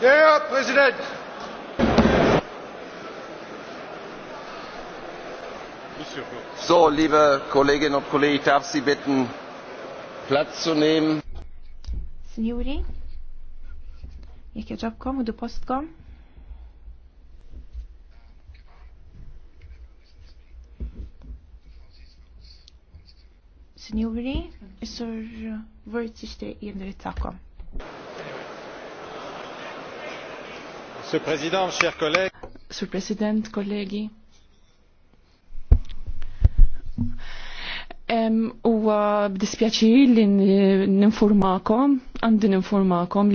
Herr Präsident! So, liebe Kolleginnen und Kollegen, ich darf Sie bitten, Platz zu nehmen. Signori, ich kann schon kommen, du post kommen. Signori, is-sur Vort jixtieq kommen. Monsieur le Président, chers collègues. Monsieur le Président, kollegi. U b'dispjaċir li ninformakom, għandin informakom